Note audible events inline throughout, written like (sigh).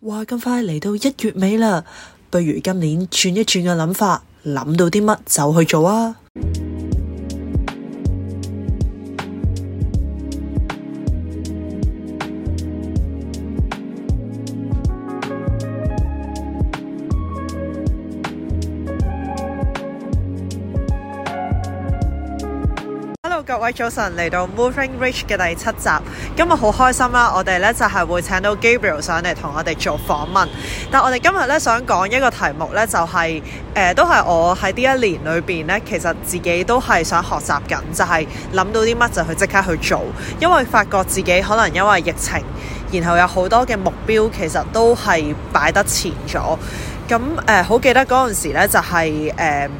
哇，咁快嚟到一月尾啦，不如今年轉一轉嘅諗法，諗到啲乜就去做啊！早晨嚟到 Moving Reach 嘅第七集，今日好開心啦！我哋咧就係、是、會請到 Gabriel 上嚟，同我哋做訪問。但我哋今日咧想講一個題目咧，就係、是、誒、呃，都係我喺呢一年裏邊咧，其實自己都係想學習緊，就係、是、諗到啲乜就去即刻去做，因為發覺自己可能因為疫情，然後有好多嘅目標其實都係擺得前咗。咁、嗯、誒、好、呃、記得嗰陣時咧，就係、是、誒。呃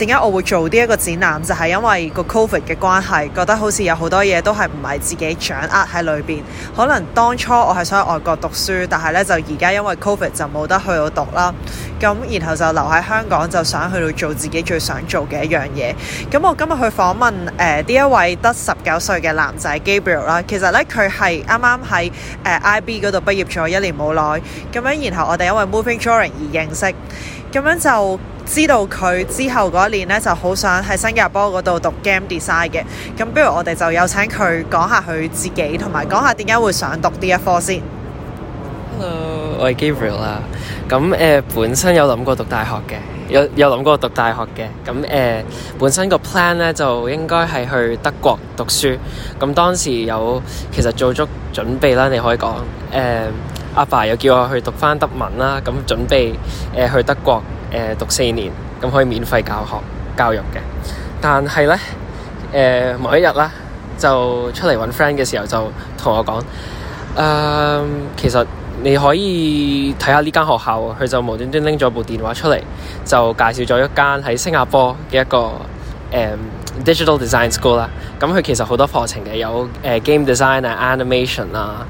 點解我會做呢一個展覽？就係、是、因為個 Covid 嘅關係，覺得好似有好多嘢都係唔係自己掌握喺裏邊。可能當初我係想去外國讀書，但係咧就而家因為 Covid 就冇得去到讀啦。咁然後就留喺香港，就想去到做自己最想做嘅一樣嘢。咁我今日去訪問誒呢一位得十九歲嘅男仔 Gabriel 啦。其實咧佢係啱啱喺誒 IB 嗰度畢業咗一年冇耐，咁樣然後我哋、呃、因為 Moving Drawing 而認識。咁樣就知道佢之後嗰一年咧，就好想喺新加坡嗰度讀 game design 嘅。咁不如我哋就有請佢講下佢自己，同埋講下點解會想讀呢一科先。Hello，我係 Gabriel 啦。咁誒、呃，本身有諗過讀大學嘅，有有諗過讀大學嘅。咁誒、呃，本身個 plan 咧就應該係去德國讀書。咁當時有其實做足準備啦，你可以講誒。呃阿爸、爸又叫我去讀翻德文啦，咁準備誒去德國誒讀四年，咁可以免費教學教育嘅。但係咧誒某一日啦，就出嚟揾 friend 嘅時候就，就同我講誒，其實你可以睇下呢間學校，佢就無端端拎咗部電話出嚟，就介紹咗一間喺新加坡嘅一個誒、呃、digital design school 啦、啊。咁、嗯、佢其實好多課程嘅，有誒、呃、game design 啊、animation 啦、啊、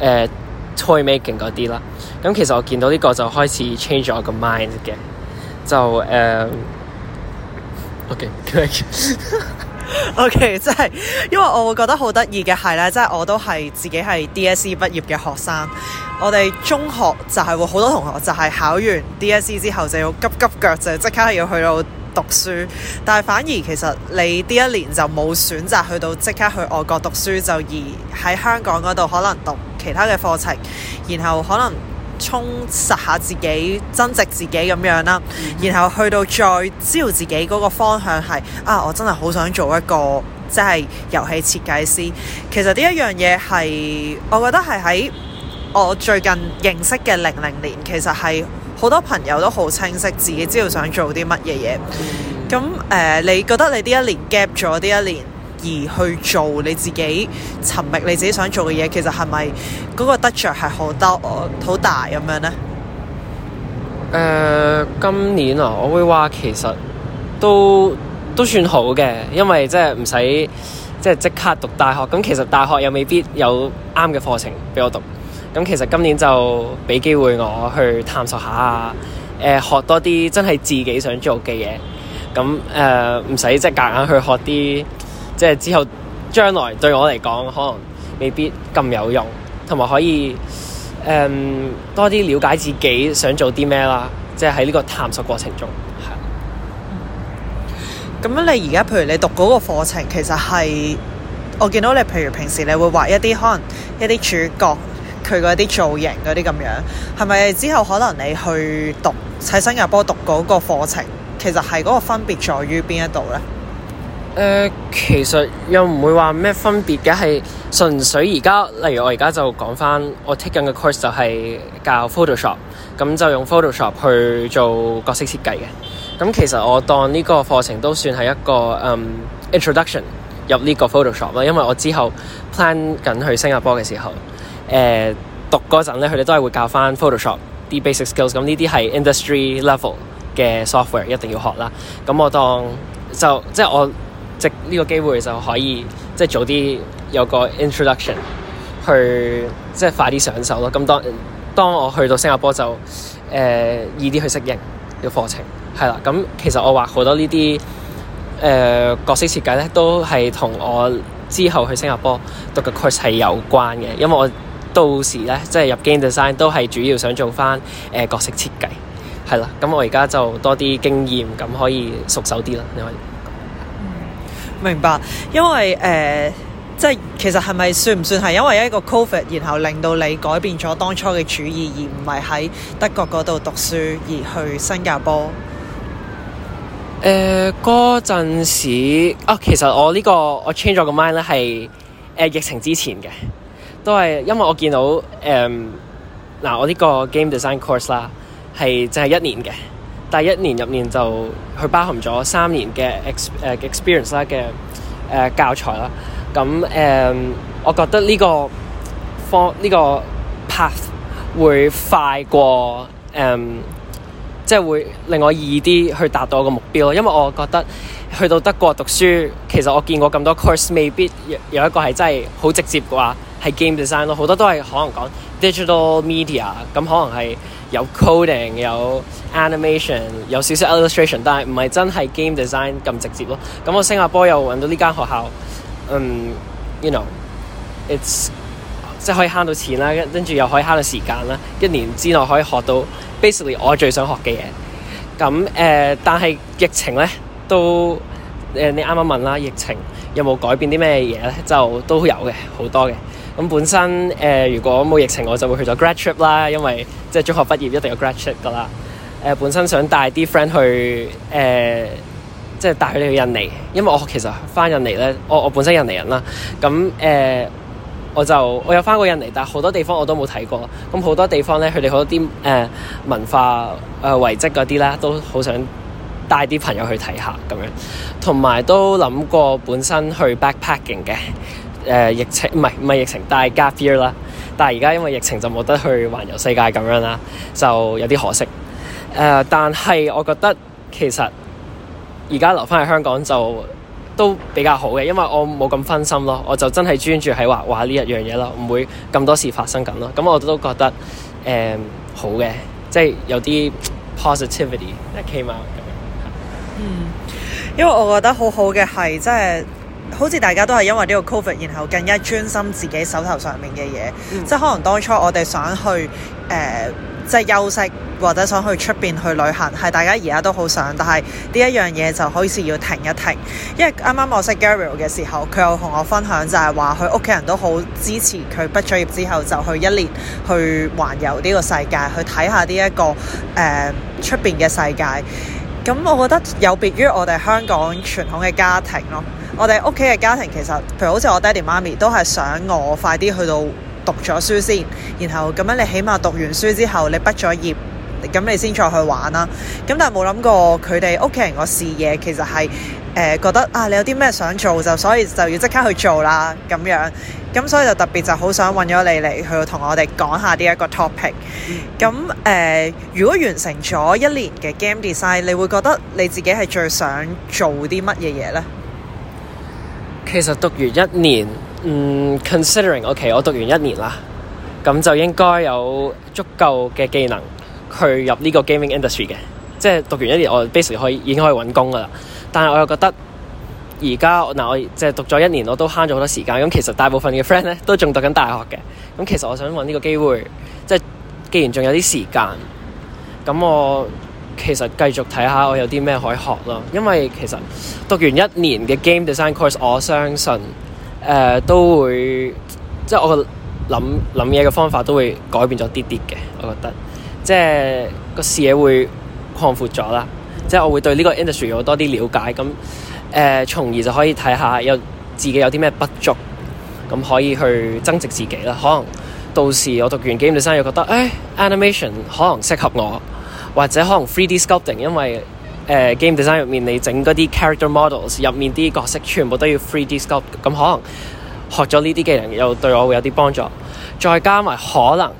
誒、呃。Toy making 嗰啲啦，咁其實我見到呢個就開始 change 咗個 mind 嘅，就誒、uh、，OK，OK，OK，、okay. (laughs) (laughs) okay, 真係，因為我會覺得好得意嘅係咧，即係我都係自己係 DSE 畢業嘅學生，我哋中學就係會好多同學就係考完 DSE 之後就要急急腳就即刻要去到讀書，但係反而其實你呢一年就冇選擇去到即刻去外國讀書，就而喺香港嗰度可能讀。其他嘅課程，然後可能充實下自己、增值自己咁樣啦，然後去到再知道自己嗰個方向係啊，我真係好想做一個即係遊戲設計師。其實呢一樣嘢係，我覺得係喺我最近認識嘅零零年，其實係好多朋友都好清晰自己知道想做啲乜嘢嘢。咁誒，呃，你覺得你呢一年 gap 咗呢一年？而去做你自己尋覓你自己想做嘅嘢，其實係咪嗰個得着係好多好大咁樣呢？誒、呃，今年啊，我會話其實都都算好嘅，因為即係唔使即係即刻讀大學。咁其實大學又未必有啱嘅課程俾我讀。咁其實今年就俾機會我去探索下，誒、呃，學多啲真係自己想做嘅嘢。咁誒，唔使即係夾硬去學啲。即係之後將來對我嚟講，可能未必咁有用，同埋可以誒、嗯、多啲了解自己想做啲咩啦。即係喺呢個探索過程中，係。咁樣、嗯、你而家，譬如你讀嗰個課程，其實係我見到你，譬如平時你會畫一啲可能一啲主角佢嗰啲造型嗰啲咁樣，係咪之後可能你去讀喺新加坡讀嗰個課程，其實係嗰個分別在於邊一度咧？呃、其實又唔會話咩分別嘅，係純粹而家。例如我而家就講翻，我 take 緊嘅 course 就係教 Photoshop，咁就用 Photoshop 去做角色設計嘅。咁其實我當呢個課程都算係一個、嗯、introduction 入呢個 Photoshop 啦，因為我之後 plan 緊去新加坡嘅時候，誒、呃、讀嗰陣咧，佢哋都係會教翻 Photoshop 啲 basic skills，咁呢啲係 industry level 嘅 software 一定要學啦。咁我當就即係我。呢個機會就可以，即係早啲有個 introduction，去即係快啲上手咯。咁當當我去到新加坡就誒易啲去適應個課程，係啦。咁其實我畫好多呢啲誒角色設計咧，都係同我之後去新加坡讀嘅 course 係有關嘅。因為我到時咧即係入 game design 都係主要想做翻誒、呃、角色設計，係啦。咁我而家就多啲經驗，咁可以熟手啲啦。你可以。明白，因為誒、呃，即係其實係咪算唔算係因為一個 COVID，然後令到你改變咗當初嘅主意，而唔係喺德國嗰度讀書，而去新加坡？誒、呃，嗰陣時哦，其實我呢、這個我 change 咗個 mind 咧，係、呃、誒疫情之前嘅，都係因為我見到誒，嗱、呃、我呢個 game design course 啦，係淨係一年嘅。第一年入面就佢包含咗三年嘅 ex experience 啦嘅誒、呃、教材啦，咁誒、呃、我覺得呢個方呢、呢個 path 會快過誒、呃、即係會令我易啲去達到個目標咯。因為我覺得去到德國讀書，其實我見過咁多 course，未必有一個係真係好直接啩。係 game design 咯，好多都係可能講 digital media，咁可能係有 coding、有 animation、有少少 illustration，但係唔係真係 game design 咁直接咯。咁我新加坡又搵到呢間學校，嗯、um，you know，it's 即係可以慳到錢啦，跟住又可以慳到時間啦，一年之內可以學到 basically 我最想學嘅嘢。咁誒、呃，但係疫情咧都誒，你啱啱問啦，疫情有冇改變啲咩嘢咧？就都有嘅，好多嘅。咁本身誒、呃，如果冇疫情，我就會去咗 grad trip 啦，因為即係、就是、中學畢業一定有 grad trip 噶啦。誒、呃，本身想帶啲 friend 去誒，即、呃、係、就是、帶佢哋去印尼，因為我其實返印尼咧，我我本身印尼人啦。咁誒、呃，我就我有返過印尼，但係好多地方我都冇睇過。咁好多地方咧，佢哋好多啲誒、呃、文化誒、呃、遺跡嗰啲啦，都好想帶啲朋友去睇下咁樣。同埋都諗過本身去 backpacking 嘅。誒、uh，疫情唔係，唔係疫情，但係 gap year 啦。但係而家因為疫情就冇得去環遊世界咁樣啦，就有啲可惜。誒、uh，但係我覺得其實而家留翻喺香港就都比較好嘅，因為我冇咁分心咯，我就真係專注喺畫畫呢一樣嘢咯，唔會咁多事發生緊咯。咁、嗯、我都覺得誒、嗯、好嘅，即係有啲 positivity，即係起碼咁樣。嗯，因為我覺得好好嘅係即係。好似大家都係因為呢個 COVID，然後更加專心自己手頭上面嘅嘢，嗯、即係可能當初我哋想去誒，即、呃、係、就是、休息或者想去出邊去旅行，係大家而家都好想，但係呢一樣嘢就好似要停一停。因為啱啱我識 Gabriel 嘅時候，佢又同我分享就係話，佢屋企人都好支持佢畢咗業之後就去一年去環遊呢個世界，去睇下呢、這、一個誒出邊嘅世界。咁我覺得有別於我哋香港傳統嘅家庭咯。我哋屋企嘅家庭其實，譬如好似我爹哋媽咪都係想我快啲去到讀咗書先，然後咁樣你起碼讀完書之後，你畢咗業咁，你先再去玩啦。咁但係冇諗過佢哋屋企人個視野其實係誒、呃、覺得啊，你有啲咩想做就所以就要即刻去做啦咁樣。咁所以就特別就好想揾咗你嚟去同我哋講下呢一個 topic。咁誒、呃，如果完成咗一年嘅 game design，你會覺得你自己係最想做啲乜嘢嘢呢？其實讀完一年，嗯，considering，OK，okay，我讀完一年啦，咁就應該有足夠嘅技能，去入呢個 gaming industry 嘅，即係讀完一年我 basically 可以已經可以揾工噶啦。但係我又覺得而家嗱，我即係讀咗一年，我都慳咗好多時間。咁其實大部分嘅 friend 咧都仲讀緊大學嘅，咁其實我想揾呢個機會，即係既然仲有啲時間，咁我，其實繼續睇下我有啲咩可以學咯，因為其實讀完一年嘅 Game Design Course，我相信誒、呃、都會即係我嘅諗諗嘢嘅方法都會改變咗啲啲嘅，我覺得即係個視野會擴闊咗啦。即係我會對呢個 industry 有多啲了解，咁誒、呃、從而就可以睇下有自己有啲咩不足，咁可以去增值自己啦。可能到時我讀完 Game Design course，又覺得誒、欸、Animation 可能適合我。或者可能 3D sculpting，因為誒、呃、game design 入面你整嗰啲 character models 入面啲角色全部都要 3D sculpt，咁可能學咗呢啲技能又對我會有啲幫助。再加埋可能誒、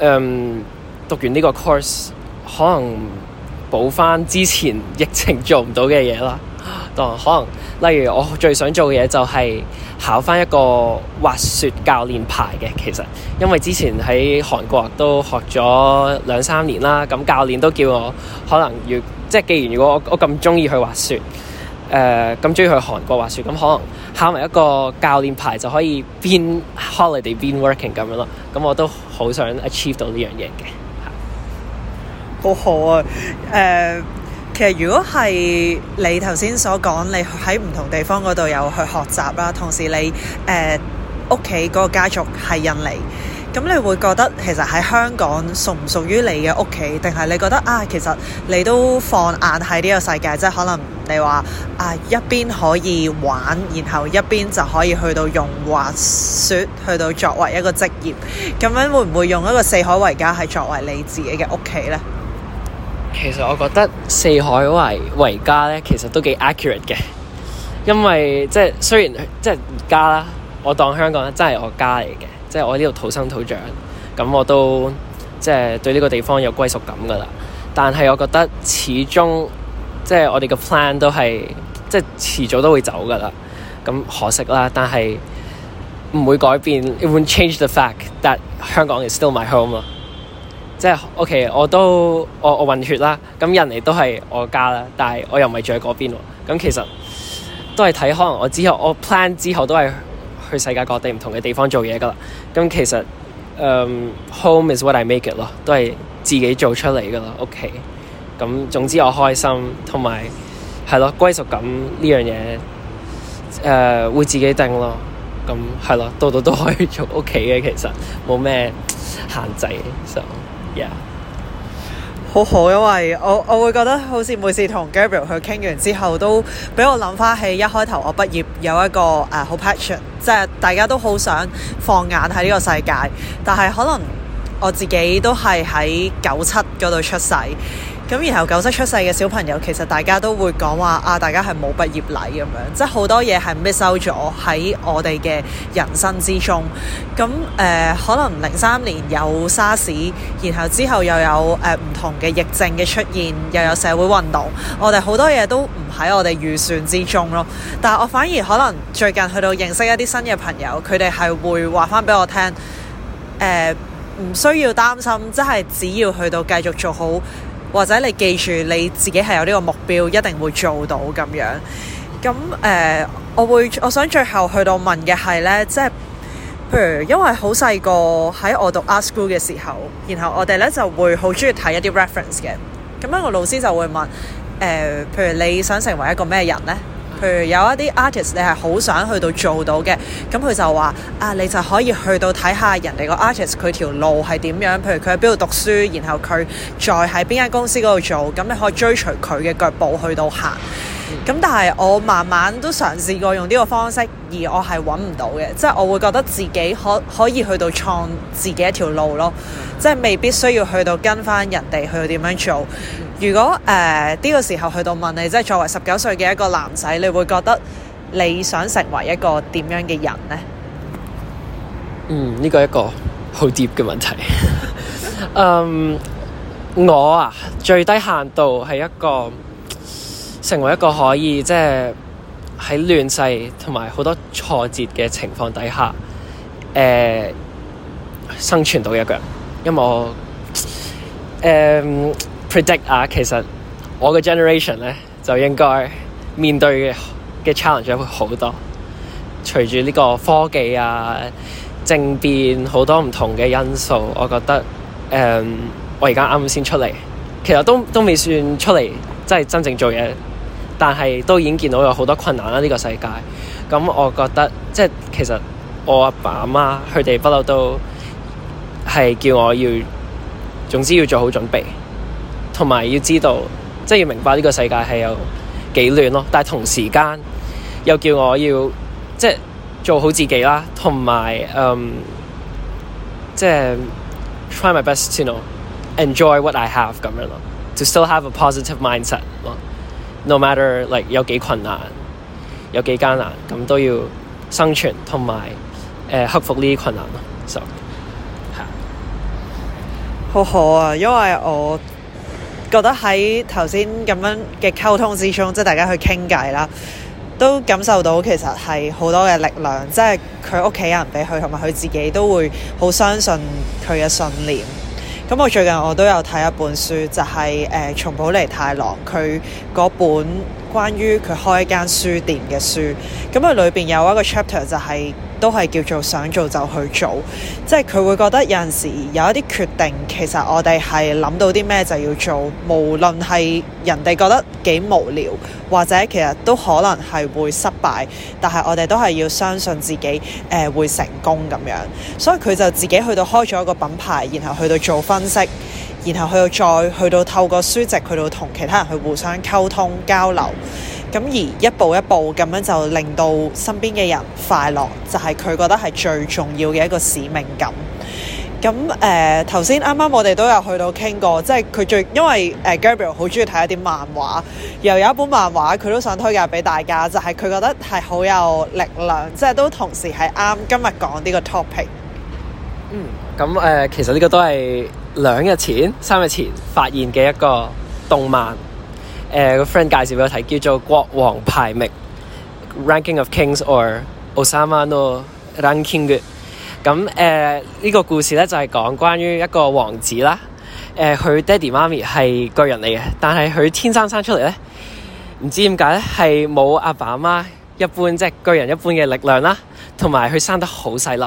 嗯、讀完呢個 course，可能補翻之前疫情做唔到嘅嘢啦。當可能例如我最想做嘅嘢就係、是。考翻一個滑雪教練牌嘅，其實因為之前喺韓國都學咗兩三年啦，咁教練都叫我可能要，即係，既然如果我咁鍾意去滑雪，誒咁鍾意去韓國滑雪，咁可能考埋一個教練牌就可以邊 holiday 邊 working 咁樣咯，咁我都、啊、好想 achieve 到呢樣嘢嘅，好好啊誒。其實如果係你頭先所講，你喺唔同地方嗰度有去學習啦，同時你誒屋企嗰個家族係印尼，咁你會覺得其實喺香港屬唔屬於你嘅屋企？定係你覺得啊？其實你都放眼喺呢個世界，即係可能你話啊一邊可以玩，然後一邊就可以去到用滑雪去到作為一個職業，咁樣會唔會用一個四海為家係作為你自己嘅屋企咧？其實我覺得四海為家咧，其實都幾 accurate 嘅，因為即係雖然即係而家啦，我當香港真係我家嚟嘅，即係我呢度土生土長，咁我都即係對呢個地方有歸屬感噶啦。但係我覺得始終即係我哋嘅 plan 都係即係遲早都會走噶啦，咁可惜啦。但係唔會改變，唔會 change the fact that 香港 is still my home。即係 OK，我都我我混血啦。咁人亦都係我家啦，但係我又唔係住喺嗰邊喎。咁其實都係睇，可能我之後我 plan 之後都係去世界各地唔同嘅地方做嘢噶啦。咁其實嗯、um，home is what I make it 咯，都係自己做出嚟噶啦。OK，咁總之我開心同埋係咯，歸屬感呢樣嘢誒，uh, 會自己定咯。咁係咯，度度都可以做屋企嘅，其實冇咩限制就。So. Yeah. 好好，因為我我會覺得好似每次同 Gabriel 去傾完之後，都俾我諗翻起一開頭我畢業有一個誒好 passion，即係大家都好想放眼喺呢個世界，但係可能我自己都係喺九七嗰度出世。咁，然後九七出世嘅小朋友，其實大家都會講話啊，大家係冇畢業禮咁樣，即係好多嘢係 miss 咗喺我哋嘅人生之中。咁誒、呃、可能零三年有沙士，然後之後又有誒唔、呃、同嘅疫症嘅出現，又有社會運動，我哋好多嘢都唔喺我哋預算之中咯。但係我反而可能最近去到認識一啲新嘅朋友，佢哋係會話翻俾我聽誒，唔、呃、需要擔心，即係只要去到繼續做好。或者你記住你自己係有呢個目標，一定會做到咁樣。咁誒、呃，我會我想最後去到問嘅係呢，即係譬如因為好細個喺我讀 art school 嘅時候，然後我哋呢就會好中意睇一啲 reference 嘅。咁樣個老師就會問、呃、「譬如你想成為一個咩人呢？」譬如有一啲 artist，你係好想去到做到嘅，咁佢就話啊，你就可以去到睇下人哋個 artist 佢條路係點樣，譬如佢喺邊度讀書，然後佢再喺邊間公司嗰度做，咁你可以追隨佢嘅腳步去到行。咁但係我慢慢都嘗試過用呢個方式，而我係揾唔到嘅，即係我會覺得自己可可以去到創自己一條路咯，即係未必需要去到跟翻人哋去到點樣做。如果誒，呢、呃呢個時候去到問你，即係作為十九歲嘅一個男仔，你會覺得你想成為一個點樣嘅人呢？嗯，呢、呢個一個好 deep 嘅問題。嗯、 (laughs) um,，我啊最低限度係一個成為一個可以即係喺亂世同埋好多挫折嘅情況底下誒、呃、生存到一個人，因為我誒。呃 predict 啊，其實我嘅 generation 呢，就應該面對嘅 challenge 會好多，隨住呢個科技啊、政變好多唔同嘅因素，我覺得，誒、嗯，我而家啱啱先出嚟，其實都都未算出嚟，即係真正做嘢，但係都已經見到有好多困難啦，呢個世界。咁我覺得，即係其實我阿爸阿媽佢哋不嬲都係叫我要，總之要做好準備。同埋要知道，即係要明白呢個世界係有幾亂咯。但係同時間又叫我要即係做好自己啦，同埋嗯即係 try my best to know, enjoy what I have 咁樣咯。To still have a positive mindset，no matter like 有幾困難，有幾艱難，咁都要生存同埋誒克服呢啲困難咯。就係好好啊，因為我。覺得喺頭先咁樣嘅溝通之中，即係大家去傾偈啦，都感受到其實係好多嘅力量，即係佢屋企人俾佢，同埋佢自己都會好相信佢嘅信念。咁、嗯、我最近我都有睇一本書，就係、是、誒，松浦、呃、彌太郎。佢嗰本關於佢開一間書店嘅書。咁佢裏邊有一個 chapter 就係、是。都係叫做想做就去做，即係佢會覺得有陣時有一啲決定，其實我哋係諗到啲咩就要做，無論係人哋覺得幾無聊，或者其實都可能係會失敗，但係我哋都係要相信自己誒、呃、會成功咁樣，所以佢就自己去到開咗一個品牌，然後去到做分析，然後去到再去到透過書籍，去到同其他人去互相溝通交流。咁而一步一步咁樣就令到身邊嘅人快樂，就係、是、佢覺得係最重要嘅一個使命感。咁誒，頭先啱啱我哋都有去到傾過，即係佢最因為誒、呃、Gabriel 好中意睇一啲漫畫，又有一本漫畫佢都想推介俾大家，就係、是、佢覺得係好有力量，即、就、係、是、都同時係啱今日講呢個 topic。嗯，咁、呃、誒，其實呢個都係兩日前、三日前發現嘅一個動漫。誒個 friend 介紹俾我睇，叫做《國王排名》（Ranking of Kings） or Osama no Ranking 嘅。咁誒呢個故事咧就係、是、講關於一個王子啦。誒佢爹地媽咪係巨人嚟嘅，但係佢天生生出嚟咧唔知點解咧，係冇阿爸阿媽,媽一般即係、就是、巨人一般嘅力量啦，同埋佢生得好細粒。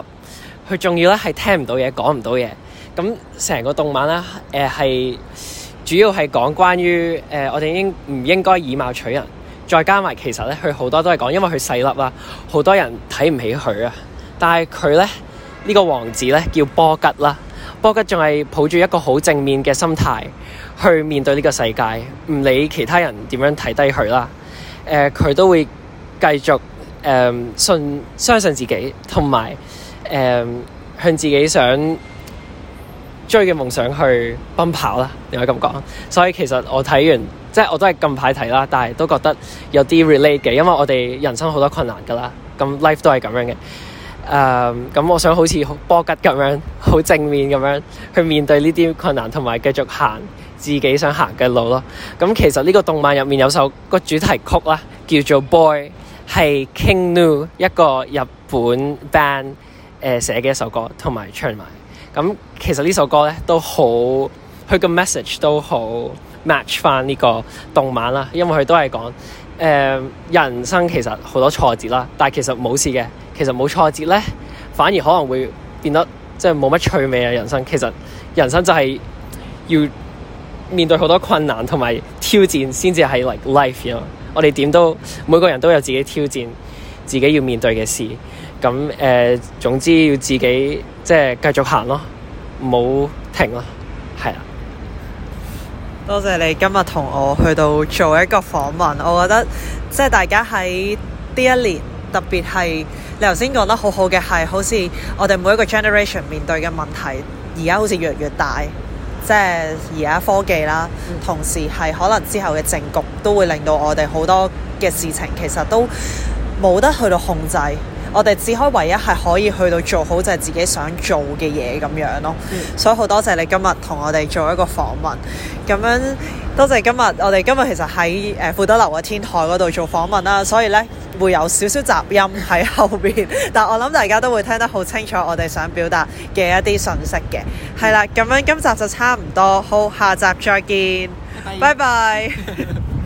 佢仲要咧係聽唔到嘢，講唔到嘢。咁成個動漫咧，誒、呃、係～主要係講關於誒、呃，我哋應唔應該以貌取人？再加埋其實咧，佢好多都係講，因為佢細粒啦，好多人睇唔起佢啊。但係佢咧呢、這個王子咧叫波吉啦，波吉仲係抱住一個好正面嘅心態去面對呢個世界，唔理其他人點樣睇低佢啦。誒、呃，佢都會繼續誒信、呃、相信自己，同埋誒向自己想。追嘅夢想去奔跑啦，你可以咁講。所以其實我睇完，即係我都係近排睇啦，但係都覺得有啲 relate 嘅，因為我哋人生好多困難噶啦。咁 life 都係咁樣嘅。誒、呃，咁我想好似波吉咁樣，好正面咁樣去面對呢啲困難，同埋繼續行自己想行嘅路咯。咁、嗯、其實呢個動漫入面有首個主題曲啦，叫做《Boy》，係 King Gnu，一個日本 band 誒、呃、寫嘅一首歌，同埋唱埋。咁其實呢首歌咧都好，佢個 message 都好 match 翻呢個動漫啦，因為佢都係講誒人生其實好多挫折啦，但係其實冇事嘅，其實冇挫折咧反而可能會變得即係冇乜趣味嘅，啊、人生。其實人生就係要面對好多困難同埋挑戰先至係 like life 啊 you know？我哋點都每個人都有自己挑戰，自己要面對嘅事。咁誒、呃，總之要自己。即係繼續行咯，冇停咯，係啊！多謝你今日同我去到做一個訪問，我覺得即係大家喺呢一年，特別係你頭先講得好好嘅係，好似我哋每一個 generation 面對嘅問題，而家好似越嚟越大。即係而家科技啦，嗯、同時係可能之後嘅政局都會令到我哋好多嘅事情其實都冇得去到控制。我哋只可唯一係可以去到做好就係自己想做嘅嘢咁樣咯，嗯、所以好多謝你今日同我哋做一個訪問。咁樣多謝今日我哋今日其實喺誒、呃、富德樓嘅天台嗰度做訪問啦，所以呢會有少少雜音喺後邊，但我諗大家都會聽得好清楚我哋想表達嘅一啲信息嘅，係、嗯、啦，咁樣今集就差唔多，好，下集再見，拜拜。拜拜 (laughs)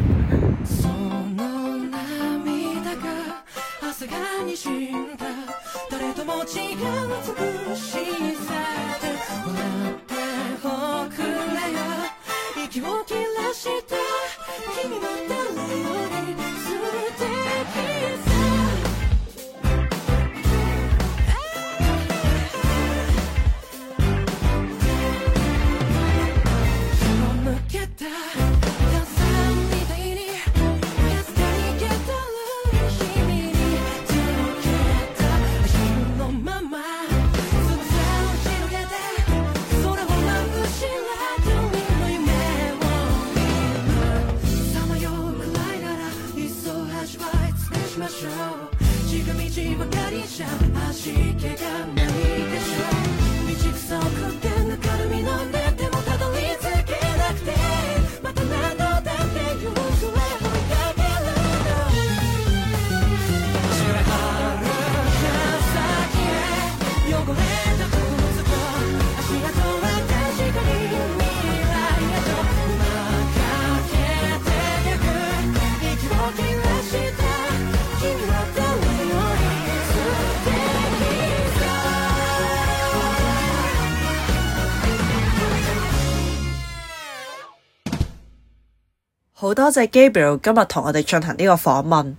好多謝 Gabriel 今日同我哋進行呢個訪問。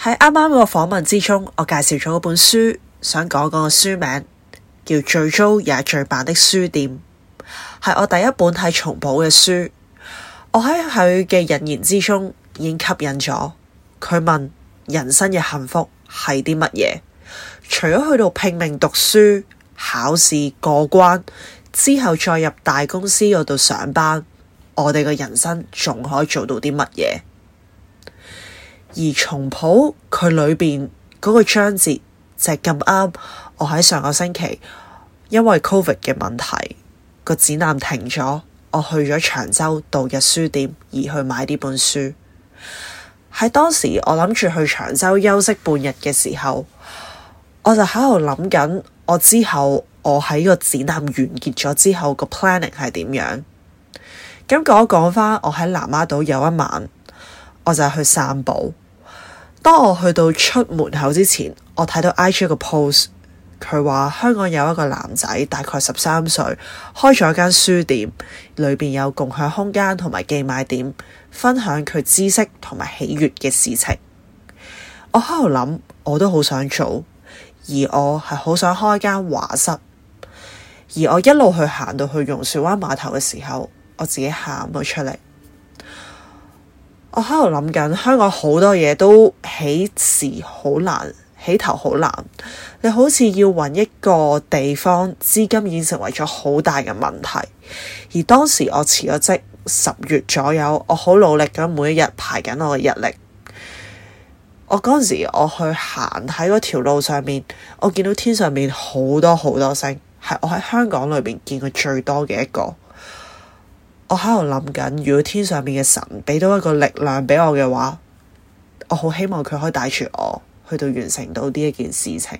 喺啱啱個訪問之中，我介紹咗嗰本書，想講講個書名叫《最糟也最棒的書店》，係我第一本睇重保嘅書。我喺佢嘅引言之中已經吸引咗。佢問：人生嘅幸福係啲乜嘢？除咗去到拼命讀書、考試過關之後，再入大公司嗰度上班。我哋嘅人生仲可以做到啲乜嘢？而重《松浦》佢裏邊嗰個章節就咁啱，我喺上個星期因為 Covid 嘅問題，個展覽停咗，我去咗長洲度日書店而去買呢本書。喺當時我諗住去長洲休息半日嘅時候，我就喺度諗緊我之後我喺個展覽完結咗之後個 planning 係點樣？咁我講返。我喺南丫島有一晚，我就去散步。當我去到出門口之前，我睇到 I G 個 post，佢話香港有一個男仔大概十三歲開咗一間書店，裏邊有共享空間同埋寄賣點，分享佢知識同埋喜悅嘅事情。我喺度諗，我都好想做，而我係好想開間畫室。而我一路去行到去榕樹灣碼頭嘅時候。我自己喊咗出嚟，我喺度諗緊香港好多嘢，都起時好難，起頭好難。你好似要揾一個地方，資金已經成為咗好大嘅問題。而當時我辭咗職，十月左右，我好努力咁每一日排緊我嘅日曆。我嗰陣時我去行喺嗰條路上面，我見到天上面好多好多星，係我喺香港裏邊見過最多嘅一個。我喺度諗緊，如果天上面嘅神畀到一個力量畀我嘅話，我好希望佢可以帶住我去到完成到呢一件事情，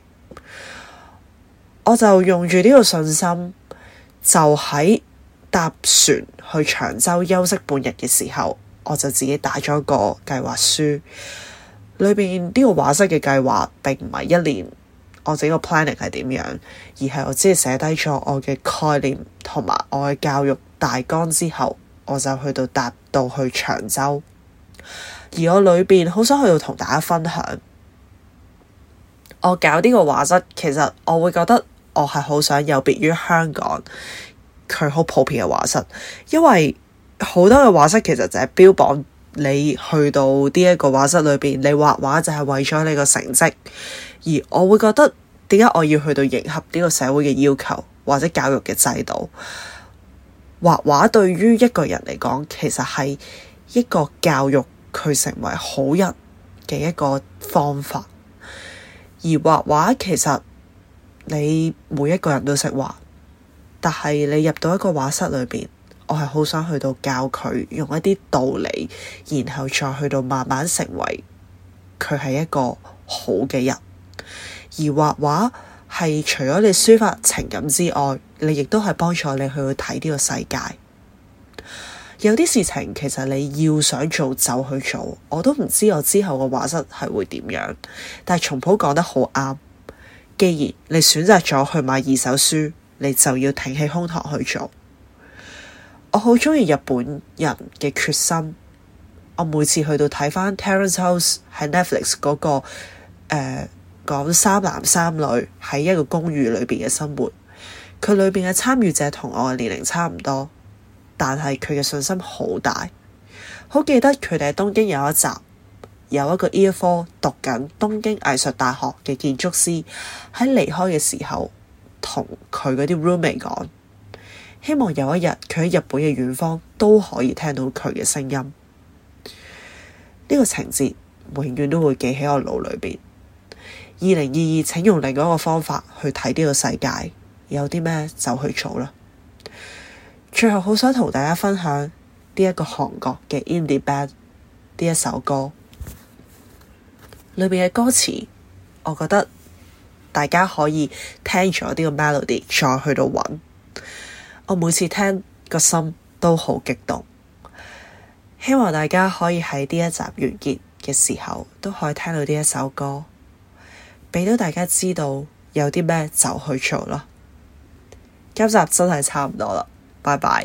我就用住呢個信心，就喺搭船去長洲休息半日嘅時候，我就自己打咗一個計劃書。裏邊呢個畫室嘅計劃，並唔係一年。我自己個 planning 係點樣，而係我只係寫低咗我嘅概念同埋我嘅教育大綱之後，我就去到達到去長洲。而我裏邊好想去到同大家分享，我搞呢個畫室，其實我會覺得我係好想有別於香港佢好普遍嘅畫室，因為好多嘅畫室其實就係標榜你去到呢一個畫室裏邊，你畫畫就係為咗你個成績。而我會覺得點解我要去到迎合呢個社會嘅要求，或者教育嘅制度？畫畫對於一個人嚟講，其實係一個教育佢成為好人嘅一個方法。而畫畫其實，你每一個人都識畫，但係你入到一個畫室裏邊，我係好想去到教佢用一啲道理，然後再去到慢慢成為佢係一個好嘅人。而畫畫係除咗你抒發情感之外，你亦都係幫助你去睇呢個世界。有啲事情其實你要想做就去做，我都唔知我之後嘅畫質係會點樣。但係從普講得好啱，既然你選擇咗去買二手書，你就要挺起胸膛去做。我好鍾意日本人嘅決心。我每次去到睇翻、那個《Terrace、呃、House》喺 Netflix 嗰個誒。講三男三女喺一個公寓裏邊嘅生活，佢裏邊嘅參與者同我嘅年齡差唔多，但係佢嘅信心好大。好記得佢哋喺東京有一集，有一個 earphone 讀緊東京藝術大學嘅建築師喺離開嘅時候，同佢嗰啲 roommate 講，希望有一日佢喺日本嘅遠方都可以聽到佢嘅聲音。呢個情節永遠都會記喺我腦裏邊。二零二二，2022，請用另外一個方法去睇呢個世界，有啲咩就去做啦。最後好想同大家分享呢一個韓國嘅 indie band 呢一首歌，裏面嘅歌詞，我覺得大家可以聽咗呢個 melody 再去到揾。我每次聽個心都好激動，希望大家可以喺呢一集完結嘅時候都可以聽到呢一首歌。俾到大家知道有啲咩就去做咯，今集真係差唔多啦，拜拜。